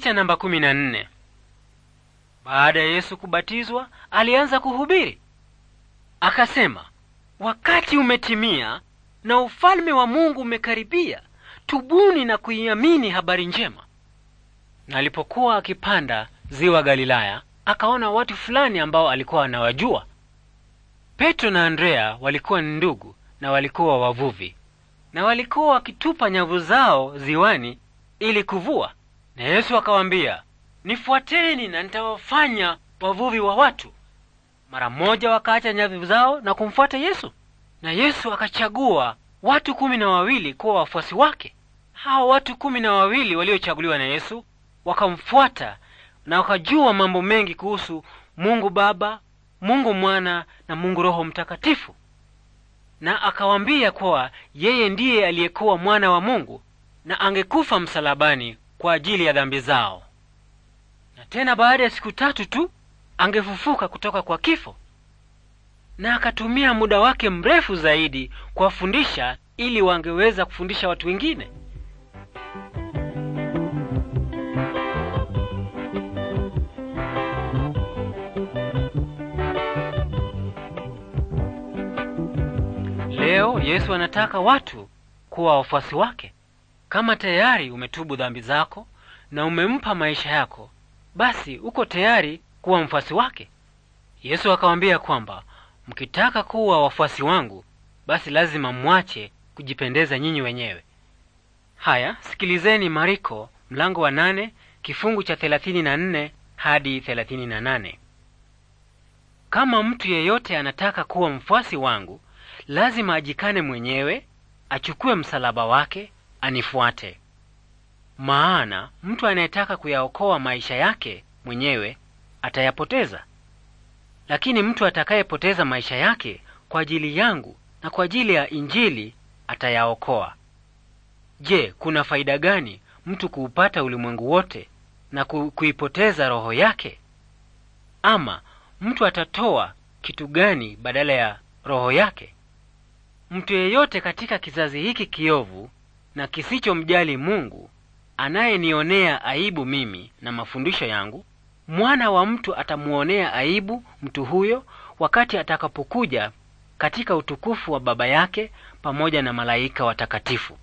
Picha namba kumi na nne. Baada ya Yesu kubatizwa, alianza kuhubiri akasema, wakati umetimia na ufalme wa Mungu umekaribia, tubuni na kuiamini habari njema. Na alipokuwa akipanda ziwa Galilaya, akaona watu fulani ambao alikuwa anawajua. Petro na Andrea walikuwa ni ndugu na walikuwa wavuvi, na walikuwa wakitupa nyavu zao ziwani ili kuvua. Na Yesu akawaambia, nifuateni na nitawafanya wavuvi wa watu. Mara mmoja wakaacha nyavu zao na kumfuata Yesu. Na Yesu akachagua watu kumi na wawili kuwa wafuasi wake. Hao watu kumi na wawili waliochaguliwa na Yesu wakamfuata na wakajua mambo mengi kuhusu Mungu Baba, Mungu Mwana na Mungu Roho Mtakatifu. Na akawaambia kuwa yeye ndiye aliyekuwa mwana wa Mungu na angekufa msalabani kwa ajili ya dhambi zao, na tena baada ya siku tatu tu angefufuka kutoka kwa kifo. Na akatumia muda wake mrefu zaidi kuwafundisha ili wangeweza kufundisha watu wengine. Leo Yesu anataka watu kuwa wafuasi wake. Kama tayari umetubu dhambi zako na umempa maisha yako, basi uko tayari kuwa mfuasi wake. Yesu akawaambia kwamba mkitaka kuwa wafuasi wangu, basi lazima mwache kujipendeza nyinyi wenyewe. Haya, sikilizeni Mariko mlango wa nane kifungu cha thelathini na nne hadi thelathini na nane. Kama mtu yeyote anataka kuwa mfuasi wangu, lazima ajikane mwenyewe, achukue msalaba wake anifuate. Maana mtu anayetaka kuyaokoa maisha yake mwenyewe atayapoteza, lakini mtu atakayepoteza maisha yake kwa ajili yangu na kwa ajili ya Injili atayaokoa. Je, kuna faida gani mtu kuupata ulimwengu wote na kuipoteza roho yake? Ama mtu atatoa kitu gani badala ya roho yake? Mtu yeyote katika kizazi hiki kiovu na kisichomjali Mungu anayenionea aibu mimi na mafundisho yangu, mwana wa mtu atamuonea aibu mtu huyo wakati atakapokuja katika utukufu wa Baba yake pamoja na malaika watakatifu.